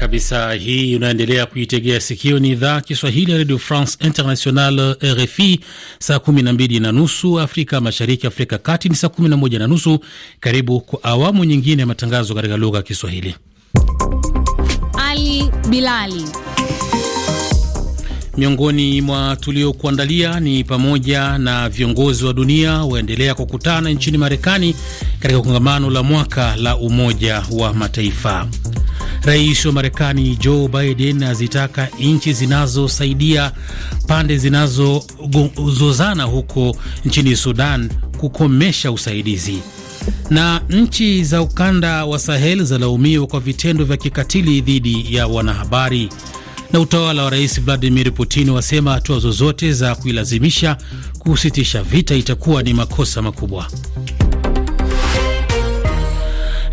kabisa. Hii unaendelea kuitegea sikio, ni idhaa Kiswahili ya Radio France International, RFI. Saa 12 na nusu Afrika Mashariki, Afrika Kati ni saa 11 na nusu. Karibu kwa awamu nyingine ya matangazo katika lugha ya Kiswahili. Ali Bilali miongoni mwa tuliokuandalia ni pamoja na viongozi wa dunia waendelea kukutana nchini Marekani katika kongamano la mwaka la Umoja wa Mataifa. Rais wa Marekani Joe Biden azitaka nchi zinazosaidia pande zinazozozana huko nchini Sudan kukomesha usaidizi. Na nchi za ukanda wa Sahel zalaumiwa kwa vitendo vya kikatili dhidi ya wanahabari na utawala wa rais Vladimir Putin wasema hatua zozote za kuilazimisha kusitisha vita itakuwa ni makosa makubwa.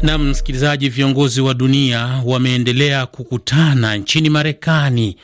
Na msikilizaji, viongozi wa dunia wameendelea kukutana nchini Marekani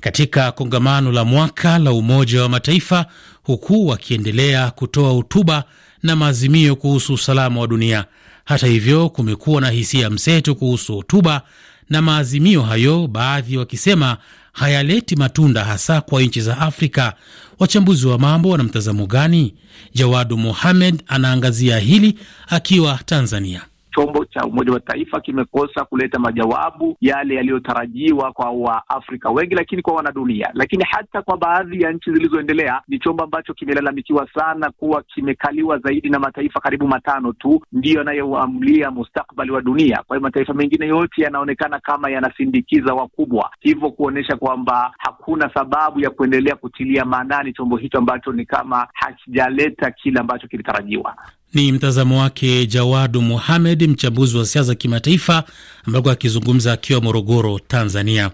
katika kongamano la mwaka la Umoja wa Mataifa, huku wakiendelea kutoa hotuba na maazimio kuhusu usalama wa dunia. Hata hivyo, kumekuwa na hisia mseto kuhusu hotuba na maazimio hayo, baadhi wakisema hayaleti matunda hasa kwa nchi za Afrika. Wachambuzi wa mambo wana mtazamo gani? Jawadu Mohamed anaangazia hili akiwa Tanzania chombo cha Umoja wa Mataifa kimekosa kuleta majawabu yale yaliyotarajiwa kwa Waafrika wengi, lakini kwa wanadunia, lakini hata kwa baadhi ya nchi zilizoendelea. Ni chombo ambacho kimelalamikiwa sana kuwa kimekaliwa zaidi na mataifa karibu matano tu ndiyo yanayoamulia mustakbali wa dunia. Kwa hiyo mataifa mengine yote yanaonekana kama yanasindikiza wakubwa, hivyo kuonyesha kwamba hakuna sababu ya kuendelea kutilia maanani chombo hicho ambacho ni kama hakijaleta kile ambacho kilitarajiwa. Ni mtazamo wake Jawadu Muhamed, mchambuzi wa siasa kimataifa, ambako akizungumza akiwa Morogoro, Tanzania.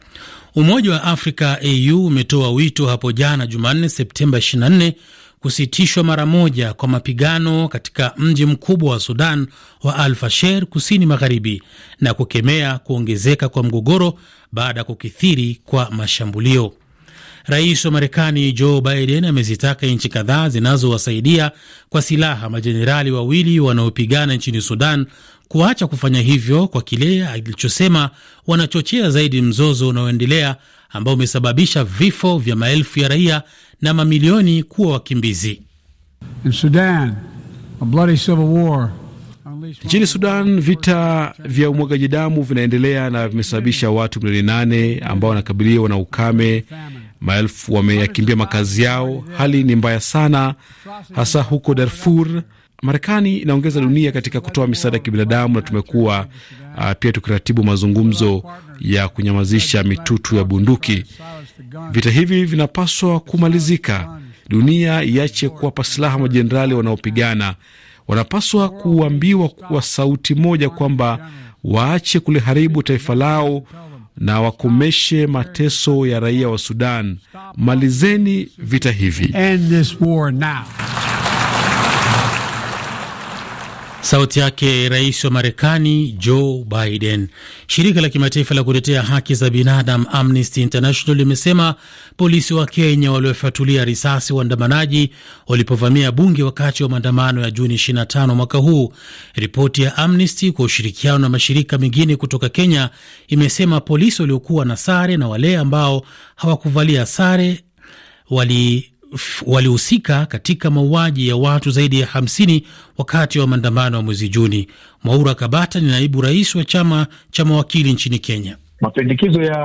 Umoja wa Afrika AU umetoa wito hapo jana Jumanne, Septemba 24 kusitishwa mara moja kwa mapigano katika mji mkubwa wa Sudan wa Al Fasher, kusini magharibi, na kukemea kuongezeka kwa mgogoro baada ya kukithiri kwa mashambulio. Rais wa Marekani Joe Biden amezitaka nchi kadhaa zinazowasaidia kwa silaha majenerali wawili wanaopigana nchini Sudan kuacha kufanya hivyo kwa kile alichosema wanachochea zaidi mzozo unaoendelea ambao umesababisha vifo vya maelfu ya raia na mamilioni kuwa wakimbizi. Nchini Sudan, vita vya umwagaji damu vinaendelea na vimesababisha watu milioni nane ambao wanakabiliwa na ukame Maelfu wameyakimbia makazi yao. Hali ni mbaya sana, hasa huko Darfur. Marekani inaongeza dunia katika kutoa misaada ya kibinadamu na tumekuwa uh, pia tukiratibu mazungumzo ya kunyamazisha mitutu ya bunduki. Vita hivi vinapaswa kumalizika. Dunia iache kuwapa silaha majenerali wanaopigana. Wanapaswa kuambiwa kwa sauti moja kwamba waache kuliharibu taifa lao na wakomeshe mateso ya raia wa Sudan. Malizeni vita hivi. Sauti yake rais wa Marekani Joe Biden. Shirika la kimataifa la kutetea haki za binadamu Amnesty International limesema polisi wa Kenya waliofyatulia risasi waandamanaji walipovamia bunge wakati wa maandamano ya Juni 25 mwaka huu. Ripoti ya Amnesty kwa ushirikiano na mashirika mengine kutoka Kenya imesema polisi waliokuwa na sare na wale ambao hawakuvalia sare wali walihusika katika mauaji ya watu zaidi ya 50 wakati wa maandamano ya mwezi Juni. Mwaura Kabata ni naibu rais wa chama cha mawakili nchini Kenya. Mapendekezo ya,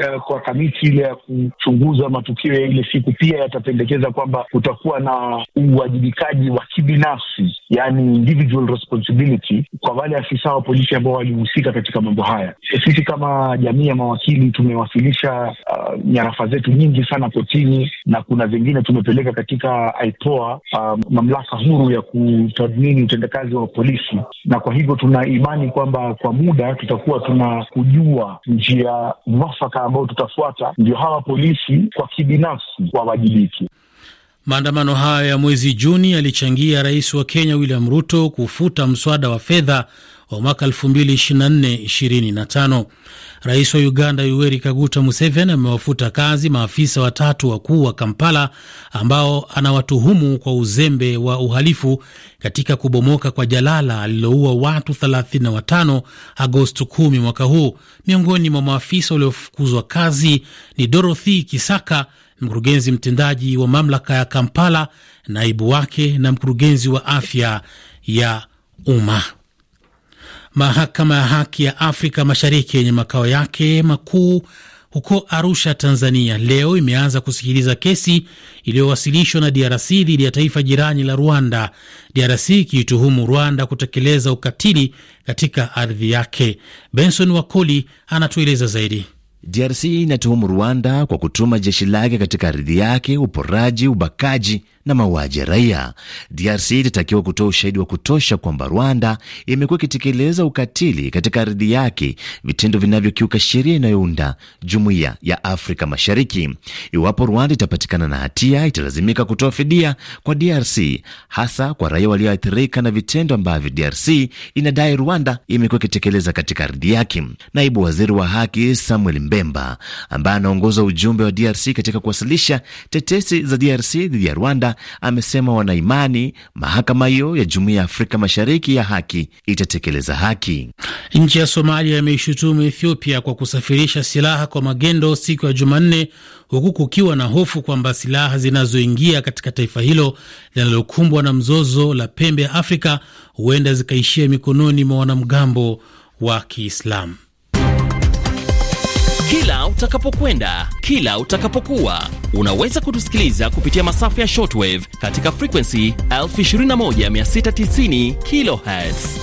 ya kwa kamiti ile ya kuchunguza matukio ya ile siku pia yatapendekeza kwamba kutakuwa na uwajibikaji wa kibinafsi, yani individual responsibility kwa wale afisa wa polisi ambao walihusika katika mambo haya. Sisi kama jamii ya mawakili tumewasilisha uh, nyarafa zetu nyingi sana kotini na kuna vingine tumepeleka katika IPOA, uh, um, mamlaka huru ya kutathmini utendekazi wa polisi, na kwa hivyo tuna imani kwamba kwa muda tutakuwa tuna kujua njia mwafaka ambayo tutafuata ndio hawa polisi kwa kibinafsi wawajibiki. Maandamano hayo ya mwezi Juni yalichangia rais wa Kenya William Ruto kufuta mswada wa fedha wa mwaka 2024-2025. Rais wa Uganda Yoweri Kaguta Museveni amewafuta kazi maafisa watatu wakuu wa Kampala ambao anawatuhumu kwa uzembe wa uhalifu katika kubomoka kwa jalala aliloua watu 35 Agosti 10 mwaka huu. Miongoni mwa maafisa waliofukuzwa kazi ni Dorothy Kisaka, mkurugenzi mtendaji wa mamlaka ya Kampala, naibu wake na mkurugenzi wa afya ya umma. Mahakama ya Haki ya Afrika Mashariki yenye makao yake makuu huko Arusha, Tanzania, leo imeanza kusikiliza kesi iliyowasilishwa na DRC dhidi ya taifa jirani la Rwanda, DRC ikiituhumu Rwanda kutekeleza ukatili katika ardhi yake. Benson Wakoli anatueleza zaidi. DRC inatuhumu Rwanda kwa kutuma jeshi lake katika ardhi yake, uporaji, ubakaji na mauaji ya raia. DRC itatakiwa kutoa ushahidi wa kutosha kwamba Rwanda imekuwa ikitekeleza ukatili katika ardhi yake, vitendo vinavyokiuka sheria inayounda jumuiya ya Afrika Mashariki. Iwapo Rwanda itapatikana na hatia, italazimika kutoa fidia kwa DRC, hasa kwa raia walioathirika na vitendo ambavyo DRC inadai Rwanda imekuwa ikitekeleza katika ardhi yake. Naibu waziri wa haki Samuel Mbemba ambaye anaongoza ujumbe wa DRC katika kuwasilisha tetesi za DRC dhidi ya Rwanda amesema wanaimani mahakama hiyo ya Jumuiya ya Afrika Mashariki ya haki itatekeleza haki. Nchi ya Somalia imeishutumu Ethiopia kwa kusafirisha silaha kwa magendo siku ya Jumanne, huku kukiwa na hofu kwamba silaha zinazoingia katika taifa hilo linalokumbwa na mzozo la pembe ya Afrika huenda zikaishia mikononi mwa wanamgambo wa Kiislamu. Kila utakapokwenda, kila utakapokuwa, unaweza kutusikiliza kupitia masafa ya shortwave katika frequency 21690 kHz.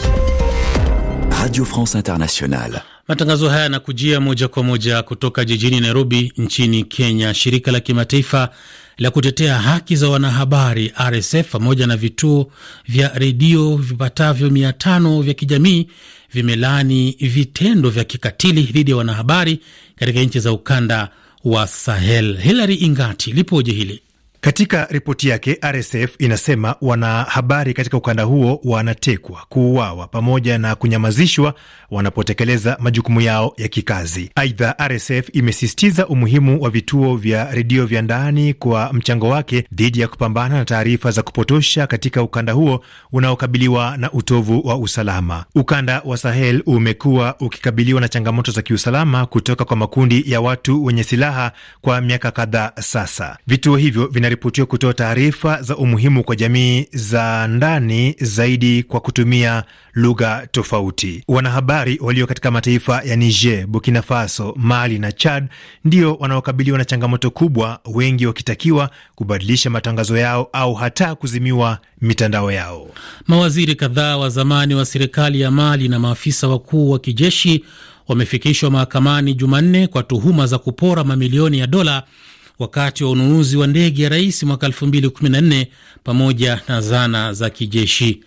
Radio France Internationale. Matangazo haya yanakujia moja kwa moja kutoka jijini Nairobi nchini Kenya. Shirika la kimataifa la kutetea haki za wanahabari RSF pamoja na vituo vya redio vipatavyo mia tano vya kijamii vimelaani vitendo vya kikatili dhidi ya wanahabari katika nchi za ukanda wa Sahel. Hilary Ingati, lipoje hili? Katika ripoti yake RSF inasema wanahabari katika ukanda huo wanatekwa, kuuawa pamoja na kunyamazishwa wanapotekeleza majukumu yao ya kikazi. Aidha, RSF imesisitiza umuhimu wa vituo vya redio vya ndani kwa mchango wake dhidi ya kupambana na taarifa za kupotosha katika ukanda huo unaokabiliwa na utovu wa usalama. Ukanda wa Sahel umekuwa ukikabiliwa na changamoto za kiusalama kutoka kwa makundi ya watu wenye silaha kwa miaka kadhaa sasa. Vituo hivyo vina inaripotiwa kutoa taarifa za umuhimu kwa jamii za ndani zaidi kwa kutumia lugha tofauti. Wanahabari walio katika mataifa ya Niger, Burkina Faso, Mali na Chad ndio wanaokabiliwa na changamoto kubwa, wengi wakitakiwa kubadilisha matangazo yao au hata kuzimiwa mitandao yao. Mawaziri kadhaa wa zamani wa serikali ya Mali na maafisa wakuu wa kijeshi wamefikishwa mahakamani Jumanne kwa tuhuma za kupora mamilioni ya dola wakati wa ununuzi wa ndege ya rais mwaka 2014 pamoja na zana za kijeshi.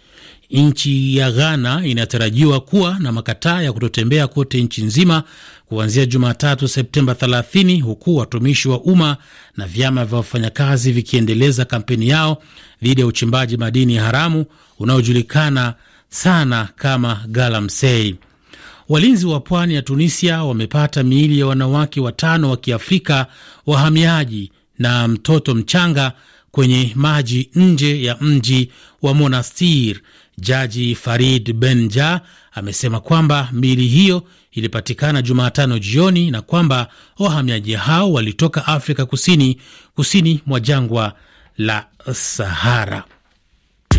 Nchi ya Ghana inatarajiwa kuwa na makataa ya kutotembea kote nchi nzima kuanzia Jumatatu Septemba 30, huku watumishi wa umma na vyama vya wafanyakazi vikiendeleza kampeni yao dhidi ya uchimbaji madini haramu unaojulikana sana kama galamsey. Walinzi wa pwani ya Tunisia wamepata miili ya wanawake watano wa Kiafrika wahamiaji na mtoto mchanga kwenye maji nje ya mji wa Monastir. Jaji Farid Benja amesema kwamba miili hiyo ilipatikana Jumatano jioni na kwamba wahamiaji hao walitoka Afrika Kusini, kusini mwa jangwa la Sahara.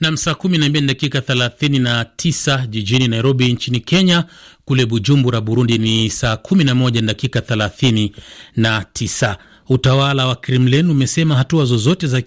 Nam, saa 12 dakika 39 jijini Nairobi nchini Kenya. Kule Bujumbura, Burundi ni saa 11 dakika 39. Utawala wa Kremlin umesema hatua zozote za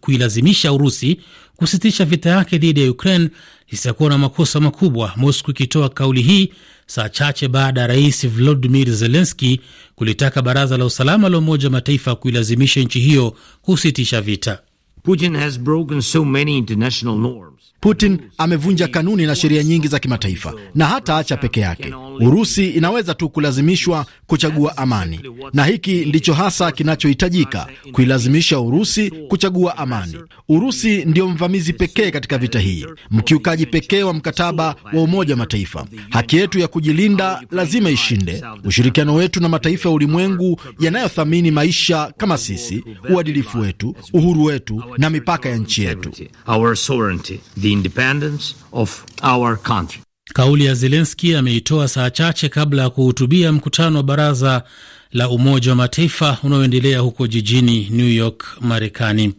kuilazimisha Urusi kusitisha vita yake dhidi ya Ukraine zitakuwa na makosa makubwa, Moscow ikitoa kauli hii saa chache baada ya rais Volodymyr zelenski kulitaka baraza la usalama la Umoja wa Mataifa kuilazimisha nchi hiyo kusitisha vita. Putin has broken so many international norms Putin amevunja kanuni na sheria nyingi za kimataifa na hata acha peke yake. Urusi inaweza tu kulazimishwa kuchagua amani, na hiki ndicho hasa kinachohitajika, kuilazimisha Urusi kuchagua amani. Urusi ndio mvamizi pekee katika vita hii, mkiukaji pekee wa mkataba wa Umoja wa Mataifa. Haki yetu ya kujilinda lazima ishinde. Ushirikiano wetu na mataifa ya ulimwengu yanayothamini maisha kama sisi, uadilifu wetu, uhuru wetu na mipaka ya nchi yetu. Our sovereignty, the independence of our country. Kauli ya zelenski ameitoa saa chache kabla ya kuhutubia mkutano wa baraza la Umoja wa Mataifa unaoendelea huko jijini New York, Marekani.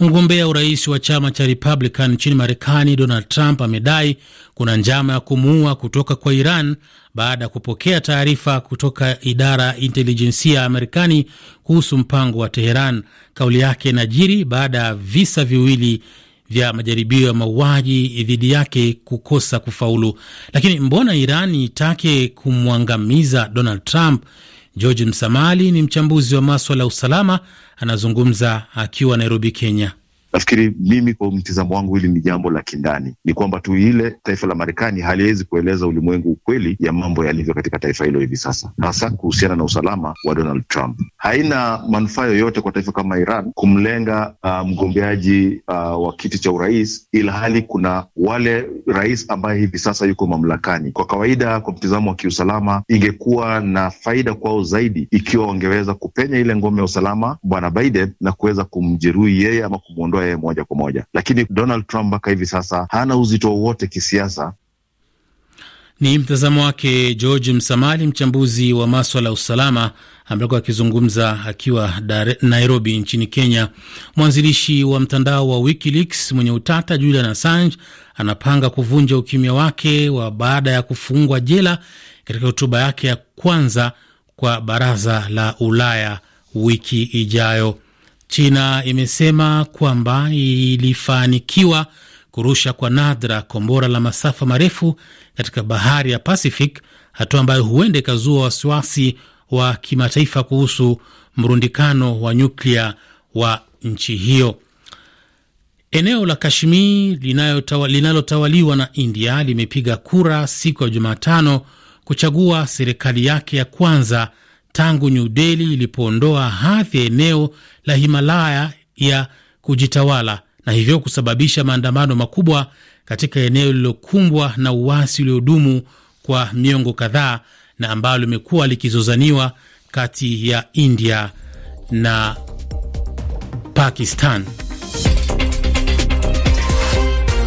Mgombea urais wa chama cha Republican nchini Marekani, Donald Trump amedai kuna njama ya kumuua kutoka kwa Iran baada ya kupokea taarifa kutoka idara ya intelijensia ya Marekani kuhusu mpango wa Teheran. Kauli yake inajiri baada ya visa viwili vya majaribio ya mauaji dhidi yake kukosa kufaulu. Lakini mbona irani itake kumwangamiza Donald Trump? George Msamali ni mchambuzi wa maswala ya usalama, anazungumza akiwa Nairobi, Kenya. Nafikiri mimi kwa mtizamo wangu, hili ni jambo la kindani, ni kwamba tu ile taifa la Marekani haliwezi kueleza ulimwengu ukweli ya mambo yalivyo katika taifa hilo hivi sasa, hasa kuhusiana na usalama wa Donald Trump. Haina manufaa yoyote kwa taifa kama Iran kumlenga uh, mgombeaji uh, wa kiti cha urais, ila hali kuna wale rais ambaye hivi sasa yuko mamlakani. Kwa kawaida, kwa mtizamo wa kiusalama, ingekuwa na faida kwao zaidi ikiwa wangeweza kupenya ile ngome ya usalama Bwana Biden na kuweza kumjeruhi yeye ama kumwondoa kumchukua yeye moja kwa moja, lakini Donald Trump mpaka hivi sasa hana uzito wowote kisiasa. Ni mtazamo wake George Msamali, mchambuzi wa maswala ya usalama, ambaye akizungumza akiwa Nairobi nchini Kenya. Mwanzilishi wa mtandao wa WikiLeaks mwenye utata Julian Assange anapanga kuvunja ukimya wake wa baada ya kufungwa jela, katika hotuba yake ya kwanza kwa baraza la Ulaya wiki ijayo. China imesema kwamba ilifanikiwa kurusha kwa nadra kombora la masafa marefu katika bahari ya Pacific, hatua ambayo huenda ikazua wasiwasi wa kimataifa kuhusu mrundikano wa nyuklia wa nchi hiyo. Eneo la Kashmir linalotawaliwa na India limepiga kura siku ya Jumatano kuchagua serikali yake ya kwanza tangu New Delhi ilipoondoa hadhi ya eneo la Himalaya ya kujitawala na hivyo kusababisha maandamano makubwa katika eneo lililokumbwa na uasi uliodumu kwa miongo kadhaa na ambalo limekuwa likizozaniwa kati ya India na Pakistan.